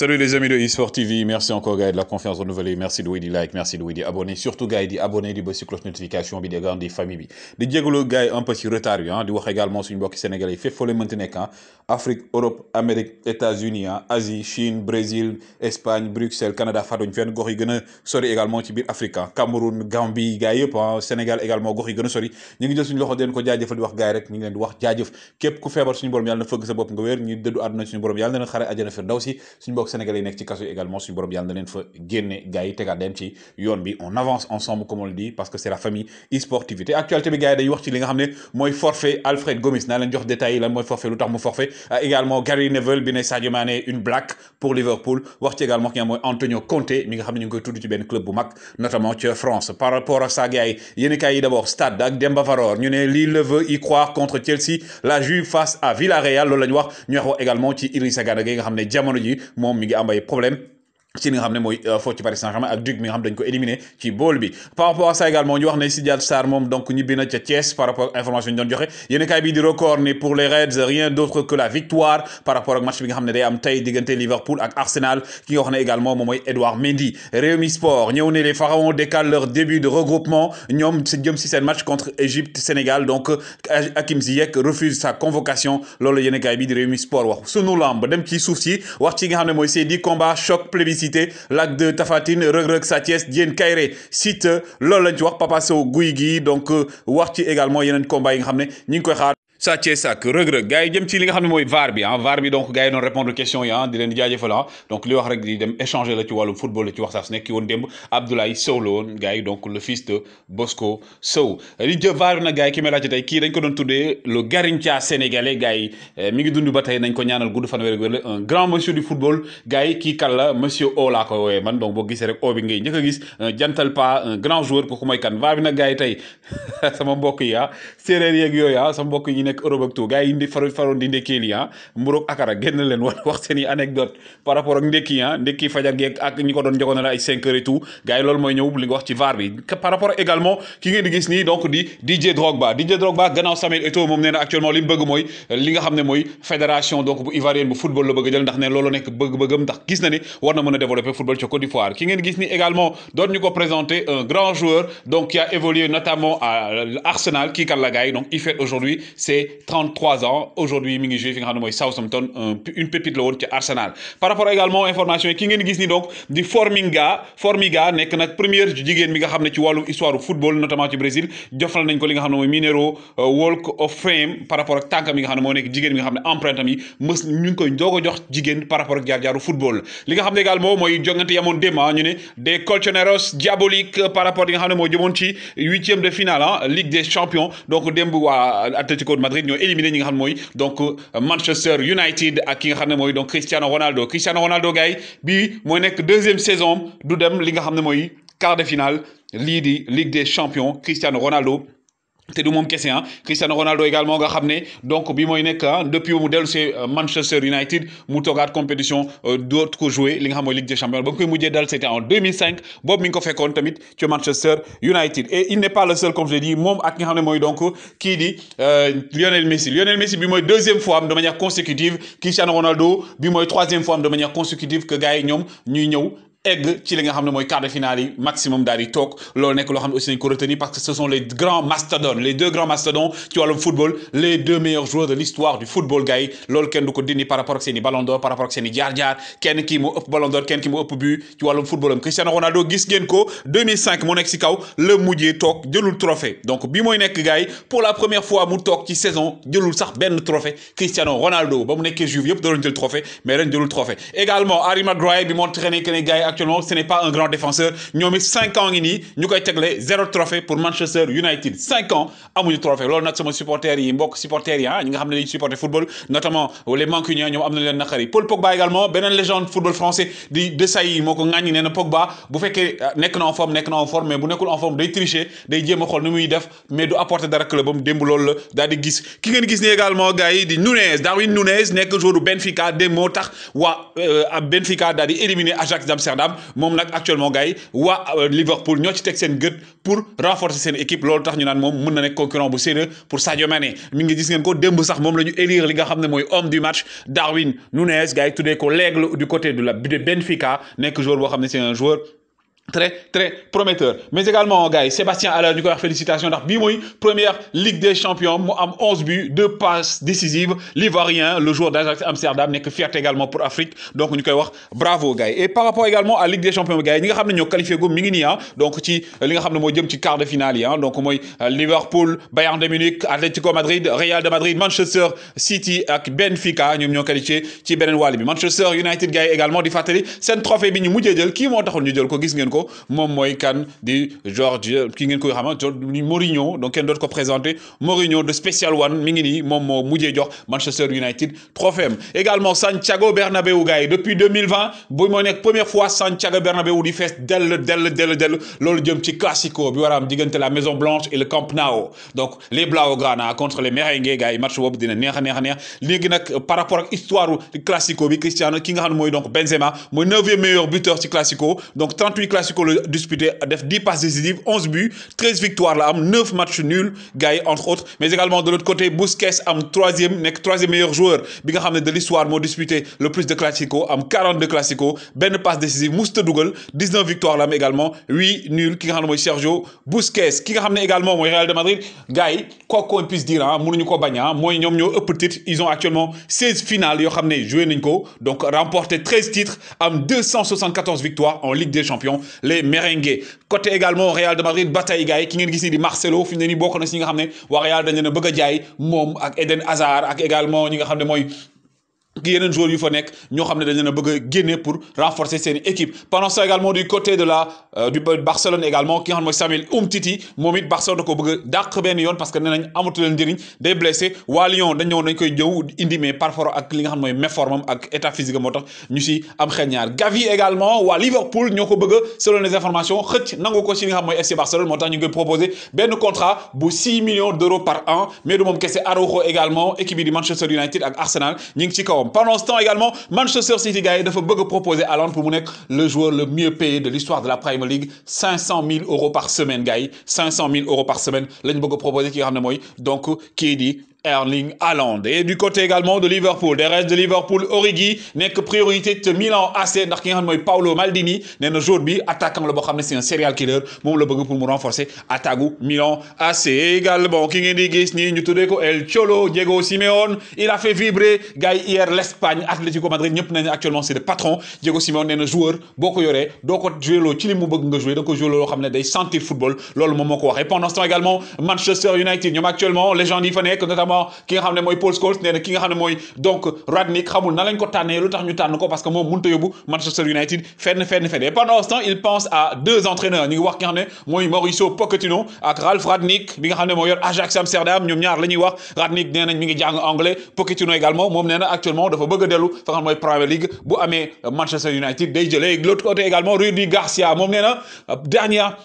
Salut les amis de eSport TV, merci encore gars de la confiance renouvelée, merci de di like, merci de di abonné, surtout gars di abonné di ba cloche notification bi des de famille bi. Di jégalu gars un petit ci retard hein, di wax également sur une sénégalais sénégalaise, foo leen mënti ah, Afrique Europe Amérique États-Unis ah, Asie Chine Brésil Espagne Bruxelles Canada fàttuñ fenn gox yi également ci biir Afrique Cameroun Gambie gars Sénégal également gox yi gën a sori ñu ngi jël suñu loxo di leen ko de di wax gars yi rek une ngi leen di wax jaajëf képp ku feebar suñu une boîte na fëgg sa bopp nga wér ñu dëddu suñu borom na suñu tolloog sénégalais yi ci kasso également suñu borom yalla na len fa génne gars téga dem ci yoon bi on avance ensemble comme on le dit parce que c'est la famille e sportivité actualité bi gars day wax ci li nga xamné moy forfait Alfred Gomis na len jox détail la moy forfait lutax mu forfait euh, également Gary Neville bi Sadio Mané une blague pour Liverpool wax ci également ki Antonio Conte mi nga xamné ne ñu koy ci ben club bu mag notamment ci France par rapport à ça gars yene kay d'abord stade ak Demba Faror ñu ne Lille veut y croire contre Chelsea la Juve face à Villarreal loolu lañ wax ñu wax également ci Idrissa Gana nga xamné jamono ji mi ngi am ay problème ci nga xam ne mooy euh, ci Paris Saint-Germain ak Duc mi nga xam dañ ko éliminé ci bool bi par rapport à ça également ñu wax ne Sidiate Sarr moom donc ñibbi na ca Thiès par rapport information ñu doon joxe yéen kay bi di record ni pour les Reds rien d'autre que la victoire par rapport ak match bi nga xam ne day am tey diggante Liverpool ak Arsenal ki nga wax ne également moom mooy Edouard Mendy Rewmi Sport ñëw ne les Pharaons décalent leur début de regroupement ñoom si jëm si seen match contre Égypte Sénégal donc Hakim Ziyech refuse sa convocation loolu yéen kay bi di Rewmi Sport wax sunu lamb dem ci suuf si wax ci nga xam ne mooy c'est combat choc plébiscite cité Lac de Tafatine Reug Reug Sa Diène Kairé site loolu lañ ci wax Papa Sow Gui donc euh, wax ci également yenen combat yi nga xamné ñing koy sa Thiès ak Reug Reug gars yi jëm ci li nga xam moy mooy VAR bi ah VAR bi donc gars yi doon répondre question yi hein di len di jaajëfal ah. donc li wax rek di dem échanger la ci walu football la ci wax sax su nekk ki woon démb Abdoulaye Sow la woon gars yi donc le fils de Bosco Sow li je VAR bi nag gars yi ki melati tay ki dañ ko don tuddee le garincha sénégalais gars yi eh, mi ngi dund batay tey nañ ko ñaanal gudd fan wér wér un grand monsieur du football gars yi kii kan monsieur ola laa ko woowee man donc bo gisee rek O bi ngay njëkk a gis jantal pas un grand joueur ko mooy kan VAR na nag gars yi tey sama mbokk yi ha ah, séeréer yeeg yoy ha sama mbokk yi nek Europe ak tout gars yi di faro faroon di ndékkee li ah mburoog akara genn len wax wax anecdote par rapport ak ndékki han ah. ndékki fajar geeg ak ñi ko doon jogoon ay 5 h et tout gars yi loolu mooy ñëw li wax ci VAR bi par rapport également ki ngeen di gis ni donc di DJ Drogba DJ Drogba gannaaw Samuel eto mom nee actuellement li bëgg moy li nga xam moy fédération donc bu ivoirienne bu football la bëgg jël ndax ne loolu nek bëgg-bëggam ndax gis na ni war na mëna développer football ci Côte d'Ivoire ki ngeen gis ni également doon ñuko présenter un grand joueur donc qui a évolué notamment à Arsenal ki kan la gars yi donc il fait aujourd'hui c'est 33 ans aujourd'hui mingi ngi joué fi nga xam Southampton une pépite la woon ci Arsenal par rapport également information yi ki ngeen ni donc di Formiga Formiga nekk nag première jigéen bi nga xam ci histoire football notamment ci Brésil jofal nañ ko li nga xam Mineiro euh, Walk of Fame par rapport ak Tanka yi nga xam ne moo nekk jigéen bi nga xam ne empreinte am ñu koy a jox jigéen par rapport ak jaar football li nga xam également mooy jongante yamoon démb ah, ñu ne des colchoneros diaboliques par rapport à nga xam ne moo huitième de finale ah, Ligue des champions donc démb waa de. Madrid éliminé nga donc euh, Manchester United ak ki nga xam donc Cristiano Ronaldo Cristiano Ronaldo guy bi mooy deuxième saison du dem li nga quart de finale Ligue des champions Cristiano Ronaldo té du mom kese ah Cristiano Ronaldo également nga xamné donc bi moy nek ah, depuis mu modèle c'est euh, Manchester United mu la compétition euh, d'autres ko joué li nga xam moy Ligue des champions ba koy dal c'était en 2005 Bob mi ngi ko fekkoon tamit Manchester United et il n'est pas le seul comme je l'ai dit moom ak nga xamné moy donc qui di euh, Lionel Messi Lionel Messi bi moy deuxième fois de manière consécutive Cristiano Ronaldo bi moy troisième fois de manière consécutive que gaay ñom ñuy ñew egg ci li nga xamne moy quart de finale maximum d'ari di toog loolu nekk loo aussi nañ ko retenir parce que ce sont les grands mastodons les deux grands mastodons ci wàllum football les deux meilleurs joueurs de l'histoire du football gars yi loolu kenn du ko dindi par rapport ak seni ballon d'or par rapport ak seni i jaar-jaar kenn kii ballon d'or kenn ki mo ëpp but ci football, footballam Cristiano Ronaldo gis ngeen ko 2005 mo nek ci kaw le mujjé tok jëlul trophée donc bi moy nek gars pour la première fois mu tok ci saison jëlul sax benn trophée Cristiano Ronaldo ba mu nekkee Juve yëpp da doon jël trophée mais ren jëlul trophée également Harry Maguire bi mo traîné que les gars actuellement ce n'est pas un grand défenseur nous mis 5 ans et nous trophée pour Manchester United 5 ans amuñu trophée trophées. nous sama supporters supporters yi ah, ñi nga Nous football notamment les Paul Pogba également légende football français de Pogba ah, en forme nous en forme mais nous en forme tricher nous apporter également nous Nunez Darwin Nunez joueur Benfica de euh, Benfica nous Ajax Amsterdam moom nag actuellement gars wa euh, Liverpool ñoo ci teg seen gët pour renforcer sen équipe lolu tax ñu naan mom mëna na concurrent bu sérieux pour Sadio Mané mi ngi gis ngeen ko démb sax mom lañu ñu élire li nga xamné moy homme du match Darwin Nunez gars yi tuddee ko l'aigle du côté de la Benfica nek joueur bo xamné c'est un joueur très très prometteur mais également gars Sébastien Haller ñu koy wax première Ligue des champions am 11 buts deux passes décisives l'ivoirien le joueur d'Ajax Amsterdam que fierté également pour Afrique donc ñu koy wax bravo gars et par rapport également à Ligue des champions gars ñi nga xamné qualifié Les mi ah. donc ci li nga xamné mo jëm ci quart de finale hein. donc moy euh, Liverpool Bayern de Munich Atlético Madrid Real de Madrid Manchester City Et Benfica nous ñoo qualifié ci benen Walibi, Manchester United gars également di C'est seen trophée bi ñu mujjé jël ki mo taxoon ñu jël ko gis mon moi de kan di George ki ngeen koy Mourinho donc un qui ko présenté Mourinho de Special One Mingini mon nii Manchester United trophème. également Santiago bernabeu depuis 2020 bu mo première fois Santiago bernabeu di fest del del del del jëm classico bi la Maison Blanche et le Camp Nou donc les Blaugrana contre les Merengue match boobu dina neex neex par rapport ak histoire classico bi Cristiano ki nga donc Benzema mon neuvième meilleur buteur ci classico donc 38 classico classico disputé 10 passes décisives 11 buts 13 victoires là, 9 matchs nuls Gaï entre autres mais également de l'autre côté Busquets am troisième 3 meilleur joueur bi de l'histoire moo disputé le plus de classico am 42 classico Ben passe décisive musta Dougal, 19 victoires là, mais également 8 nuls qui nga Sergio Busquets qui nga également mooy Real de Madrid Gaï, quoi qu'on puisse dire ah, ko ah, ils ont actuellement 16 finales ils ont ramené joué donc remporté 13 titres am 274 victoires en Ligue des Champions les merengues côté également Real de Madrid Bataille, tey gars yi ki ngeen Marcelo fi mu ne nii bokk na nga xamné wa Real dañu leen bëgg Mom, jaay mom ak Eden Hazard ak également ñi nga xamné moy yeneen joueurs yu fa nekk ñoo xam ne dañ leen a bëgg a génne pour renforcer seen équipe pendant ça également du côté de la euh, du Barcelone également ki nga xam mooy Samuel Umtiti moom it Barcelone da ko bëgg a dàq benn yoon parce que nee nañ amatu leen njëriñ day blessé waa Lyon dañ ñëwoon dañ koy jëw indi mais par rapport ak li nga xam mooy méforme ak état physique moo tax ñu si am xel ñaar Gavi également waa Liverpool ñoo ko bëgg a selon les informations xëcc nangu ko si li nga xam mooy FC Barcelone moo tax ñu ngi proposé benn contrat bu 6 millions d' euros par an mais du moom kese Araujo également équipe yi di Manchester United ak Arsenal ñu ngi ci kawam pendant ce temps également Manchester City gars ne fait proposer à proposer à pour mu le joueur le mieux payé de l'histoire de la Premier League 500 000 euros par semaine gars 500 000 euros par semaine lañ bëgg proposer qui donc qui dit Erling Haaland. Et du côté également de Liverpool des restes de Liverpool Origi n'est que priorité de Milan AC ndax ki nga Paolo Maldini n'est na attaquant le c'est un serial killer Bon le bëgg pour renforcer attaque Milan AC. également ki ngeen di El Cholo Diego Simeone il a fait vibrer gars hier l'Espagne Atlético Madrid actuellement c'est le patron Diego Simeone est un joueur beaucoup ko donc jouer ko joué loo ci li de bëgg nga jouer sentir football loolu pendant ce temps également Manchester United actuellement les gens yi notamment notamment ki nga xam ne Paul Scholes nee ki nga xam ne donc Radnik. xamul na lañ ko tànnee lutax ñu tànn ko parce que mom mënut ta yobu Manchester United fenn fenn fenn et pendant ce temps il pense à deux entraîneurs ñu wax ki nga xam ne Mauricio Pochettino ak Ralf Radnik, bi nga xam moy yor Ajax Amsterdam ñom ñaar lañuy wax Radnik nee mi ngi jang anglais Pochettino également mom nee actuellement dafa bëgg a dellu fa xam Premier League bu amé Manchester United day jëlee l'autre côté également Rudi Garcia mom nee na dernière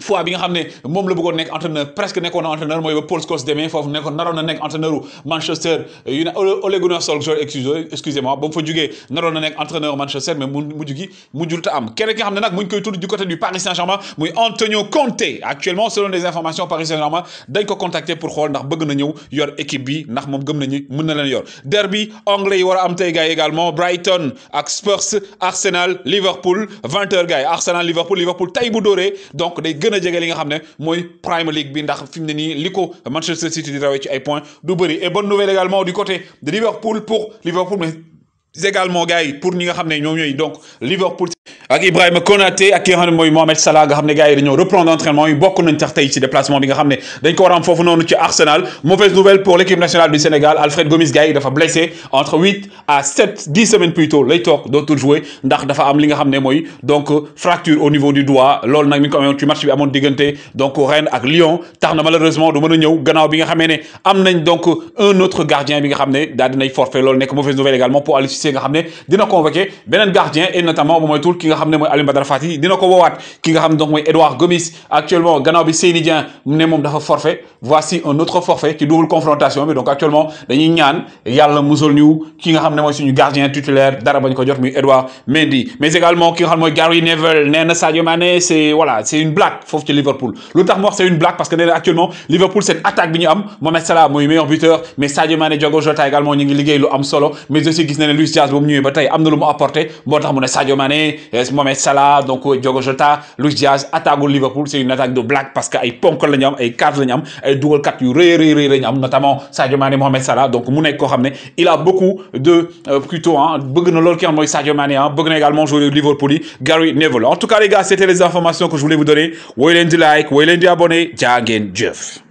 fois bi nga xam ne moom la bëggoon nekk entraîneur presque nekkoon na entraîneur mooy ba Paul Scholes demee foofu nekkoon naroon na nekk entraîneur Manchester United Ole Gunnar Solskjaer excusez-moi ba mu fa jugee naroon na nekk entraîneur Manchester mais mu mujj gi mujjul ta am keneen ki nga xam ne nag mu ngi koy tudd du côté du Paris Saint-Germain muy Antonio Conte actuellement selon les informations Paris Saint-Germain dañ ko contacter pour xool ndax bëgg na ñëw yor équipe bi ndax moom gëm nañu mën na leen yor derby anglais yi war a am tey gars également Brighton ak Spurs Arsenal Liverpool 20h gars Arsenal Liverpool Liverpool tey bu dóoree donc day gëna a li nga xamné moy prime League bi ndax fimné ni liko Manchester City di rawee ci ay points du bëri et bonne nouvelle également du côté de Liverpool pour Liverpool mais également gars pour ñi nga xamné ñoy donc Liverpool ak Ibrahima Konaté ak ki mooy Mohamed Salah nga xam ne gars yi dañoo reprendre entraînement yi bokk nañ tax tey ci déplacement bi nga xam ne dañ ko war a am foofu noonu ci Arsenal mauvaise nouvelle pour l'équipe nationale du Sénégal Alfred Gomis gars yi dafa blessé entre huit à sept dix semaines plus tôt lay toog dootul jouer ndax dafa am li nga xam ne donc fracture au niveau du doigt loolu nag mi ngi ko amoon ci match bi amoon diggante donc Rennes ak Lyon tax malheureusement du mën a ñëw gannaaw bi nga xamee am nañ donc un autre gardien bi nga xam ne daal dinay forfait loolu mauvaise nouvelle également pour Aliou Cissé nga xam ne dina convoqué beneen gardien et notamment bu moytul nga moy Aliou mooy Fati dina ko ki nga xam donc mooy Edouard Gomis actuellement ganaw bi Seyni Dieng ne moom dafa forfait voici un autre forfait qui double confrontation mais donc actuellement dañuy ñaan Yalla musul ñu ki nga xam moy suñu gardien titulaire dara bañ ko jot muy Edouard Mendy mais également ki nga xam moy Gary Neville nee Sadio Mané c'est voilà c'est une blague fof ci Liverpool lutax mo wax c'est une blague parce que néna actuellement Liverpool cette attaque bi ñu am Mohamed Salah moy meilleur buteur mais Sadio Mané Diogo Jota également ñi ngi liggéey lu am solo mais aussi gis na ne Luis Diaz boobu ñëwee ba tay amna lu mu apporté motax mu né Sadio Mané Mohamed Salah donc euh, Diogo Jota Luis Diaz attaque au Liverpool c'est une attaque de black parce qu'il ay le niam il am le cadres il double, am ay notamment Sadio Mane Mohamed Salah donc Mounek Kohamne il a beaucoup de euh, plutôt hein bëgg na Sadio Mane hein, également Liverpool Gary Neville en tout cas les gars c'était les informations que je voulais vous donner woy like woy abonné Jagen Jeff.